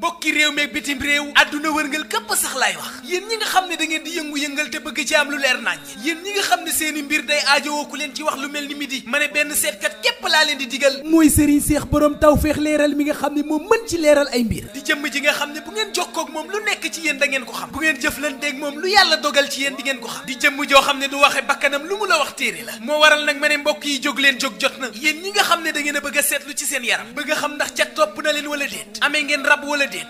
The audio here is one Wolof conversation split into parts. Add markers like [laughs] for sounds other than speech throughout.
mbokk bokki réew meeg bitim réew adduna wërngal këpp sax laay wax yéen ñi nga xam ne da ngeen di yëngu-yëngal te bëgg ci am lu leer nañ yéen ñi nga xam ne seeni mbir day aajowoo ku leen ci wax lu mel ni midi ma ne benn seetkat képp laa leen di digal mooy sëriñ seex borom tawfeex leeral mi nga xam ne moom mën ci leeral ay mbir di jëm ji nga xam ne bu ngeen jokkoo ak moom lu nekk ci yéen da ngeen ko xam bu ngeen jëflanteeg moom lu yàlla dogal ci yéen di ngeen ko xam di jëmm joo xam ne du waxe bakkanam lu mu la wax téere la moo waral nag ma ne mbokk yi jóg leen jóg jot na yéen ñi nga xam ne da ngeen a ci seen yaram bëgg xam ndax ca topp na wala déet amee ngeen rab wala déet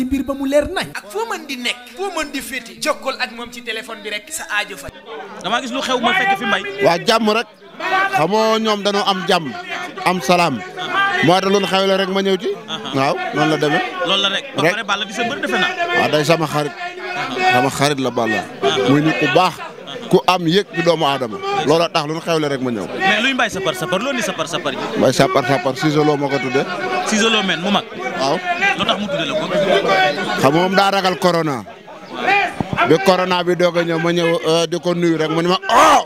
say mbir ba mu leer nañ ak foo mën di nekk foo mën di féeti jokkoo ak moom ci téléphone bi rek sa ajo faj damaa waa jàmm rek xamoo ñoom dañoo am jàmm am salaam moo tax loolu xew la rek ma ñëw ci la demee loolu la rek ba sama xarit sama xarit la Balla baax ku am yëg ci doomu aadama looloo tax xew la rek ma ñëw mais luy mbay sapar sapar loo ni sapar sapar ji sapar sapar siisoloo ma ko tudde Cissé mu mag. waaw lu tax mu tuddee la ko. xam moom daa ragal corona. bi corona bi doog a ñëw ma ñëw euh, di ko nuyu rek mu ne ma oh.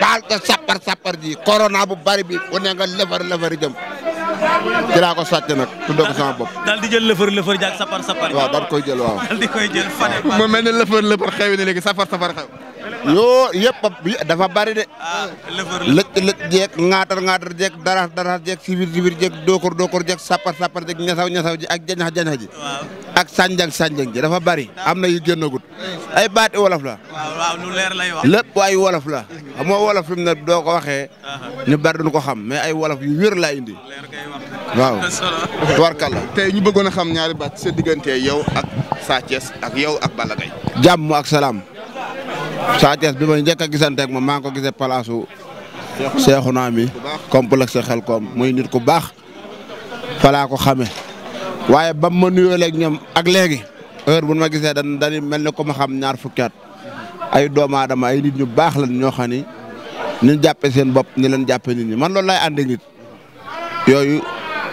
baal ko sappar ji corona bu bari bi wane nga lëfër lëfër jëm. ci laa ko sàcc nag tuddee ko sama bopp. daal di jël lëfër lëfër jaag sappar sappar. waaw daal di koy jël [laughs] mu mel ne lëfër lëfër xew na léegi xew. yoo yëpp dafa bari de. lëkk lëkk jek ŋaatar ŋaatar jeeg darax darax jeeg sibir sibir jeeg dookor dookor jeeg sappar sappar jeeg ñasaw ñasaw ji ak jañax jañax ji. ak sànjang sànjang ji dafa bari am na yu génnagut. ay baati wolof la. waaw waaw lépp ay wolof la. xam nga wolof fi mu doo ko waxee. Uh-huh. ñu bari duñ ko xam mais ay wolof yu wér laa indi. waaw. [laughs] tubarkalla tey ñu bëggoon a xam ñaari baat sa diggante yow ak Sa ak yow ak Balla Gaye. jàmm ak salaam. Sa Thiès bi ma njëkk a gisante ma moom maa ngi ko gisee palaasu Seexuna mi complexe xel koom muy nit ku baax falaa ko xame waaye ba ma nuyoo leeg ñoom ak léegi heure bu ma gisee dan dañu mel ni ko ma xam ñaar fukki ay doomu aadama ay nit ñu baax lan ñoo xam jàppe seen bopp ñu leen jàppe nit ñi man loolu laay ànd yooyu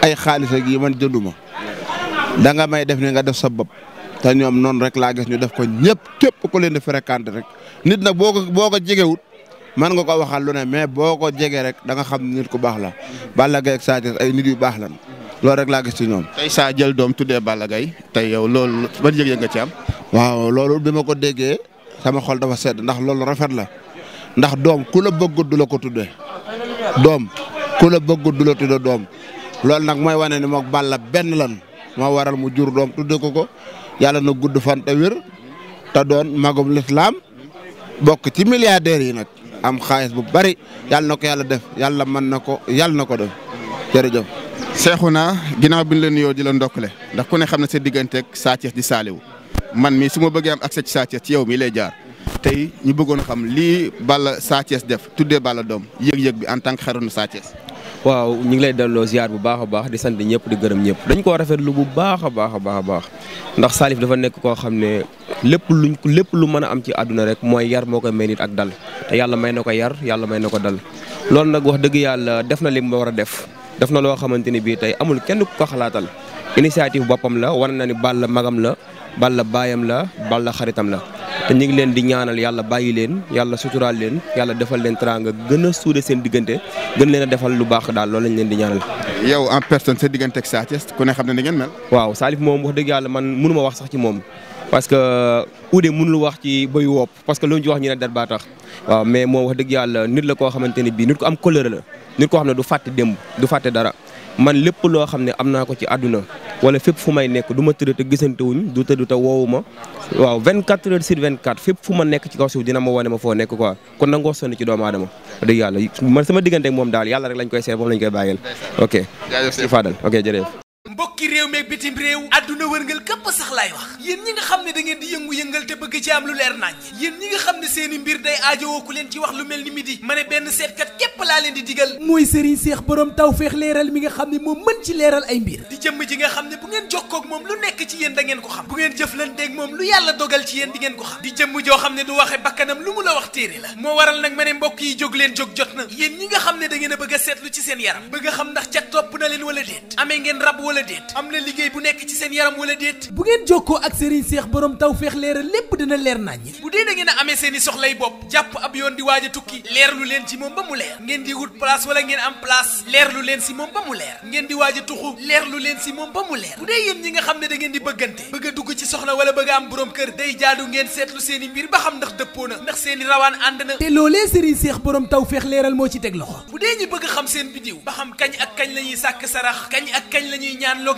ay xaalis ak yi man jënduma da nga may def ne nga def sa bopp te ñoom noonu rek laa gis ñu def ko ñëpp képp ko leen di fréquenté rek nit na boo ko boo ko jegewut man nga ko waxal lu ne mais boo ko jegee rek danga xam nit ku baax la. Balla Gaye ak ay nit yu baax lan loolu rek laa gis ci ñoom. tey saa doom tuddee Balla Gaye tey yow loolu ban yëg-yëg nga ci am. waaw loolu bi ma ko déggee sama xol dafa sedd ndax loolu rafet la ndax doom ku la bëgg du la ko tuddee doom ku la bëgg du la tuddee doom loolu nag mooy wane ni moog Balla benn lan moo waral mu jur doom tuddee ko ko. yàlla na gudd fan te wér te doon magum lislaam bokk ci milliardaires yi nag am xaalis bu bari yàlla na ko yàlla def yàlla mën na ko yàlla na ko def jërëjëf. Seexuna ginnaaw bi ñu la nuyoo di la ndokkale ndax ku ne xam ne sa digganteeg Sa Thiès di saaliwu man mi su ma bëggee am accès ci Sa ci yow mi lay jaar tey ñu bëggoon xam lii Balla Sa Thiès def tuddee Balla doom yëg-yëg bi en tant que xaruna waaw ñu ngi lay delloo ziar bu baax a baax di sant ñëpp di gërëm ñëpp dañ koo rafetlu bu baax a baax a baax a baax ndax Salif dafa nekk koo xam ne lépp luñ lépp lu mën a am ci àdduna rek mooy yar moo koy may nit ak dal te yàlla may na ko yar yàlla may na ko dal loolu nag wax dëgg yàlla def na li mu war a def def na loo xamante ni bii tey amul kenn ku ko xalaatal initiative boppam la war na ni la magam la la baayam la Balla xaritam la te ñu ngi leen di ñaanal yàlla bàyyi leen yàlla suturaal leen yàlla defal leen teraanga gën a suude seen diggante gën leen a defal lu baax daal loolu lañ leen di ñaanal. yow en personne sa diggante ak Sa Thiès ku ne xam ne ni ngeen mel. waaw Salif moom wax dëgg yàlla man mënu ma wax sax ci moom parce que Oudé mënul wax ci bëy wopp parce que lu ñu ci wax ñu ne dat baa tax waaw mais moom wax dëgg yàlla nit la koo xamante ne bii nit ko am couleur la nit koo xam ne du fàtte démb du fàtte dara man lépp loo xam ne am naa ko ci àdduna wala fépp fu may nekk du ma tëdd te gisante wuñ du tëdd te woowu ma waaw 24 heures sur 24 fu ma nekk ci kaw suuf dina ma wane ma foo nekk quoi kon nangoo sonn ci doomu aadama dëgg yàlla man sama diggante moom daal yàlla rek lañ koy seet moom lañ koy bàyyeel ok. jaajëf Fadal ok jërëjëf. bokki réew meeg bitim réew adduna wërngal këpp sax lay wax yéen ñi nga xam ne dangeen ngeen di yëngu-yëngal te bëgg ci am lu leer nañ yéen ñi nga xam ne seeni mbir day aajowoo ku leen ci wax lu mel ni midi ma ne benn seetkat képp laa leen di digal mooy sëriñ seex borom tawfeex leeral mi nga xam ne moom mën ci leeral ay mbir di jëmm ji nga xam ne bu ngeen jokkoog moom lu nekk ci yéen ngeen ko xam bu ngeen jëflanteeg moom lu yàlla dogal ci yéen di ngeen ko xam di jëmm joo xam ne du waxe bakkanam lu mu la wax téere la moo waral nag ma ne yi jóg leen jóg jot na yéen ñi nga a bëgg a seetlu ci seen yaram bëgg a ndax ca topp na leen wala déet amee ngeen rab wala déet am na liggéey bu nekk ci seen yaram wala déet bu ngeen jokkoo ak Serigne Seex borom taw feex leeral lépp dina leer naññ bu dee da ngeen a amee seen i soxlay bopp jàpp ab tukki leer leen ci moom ba mu ngeen di wut place wala ngeen am place leer leen si moom ba mu leer ngeen di waaj leer lu leen si moom ba mu leer bu ñi nga xam ne da ngeen di bëggante bëgg dugg ci soxna wala am borom kër day jaadu ngeen seetlu seen i mbir ba xam ndax dëppoo na ndax seen i rawaan ànd na te loolee taw feex leeral moo ci teg loxo bu dee ñi bëgg xam seen bidiw ba xam kañ ak kañ la ñuy sàkk sarax kañ ak kañ la ñuy ñaan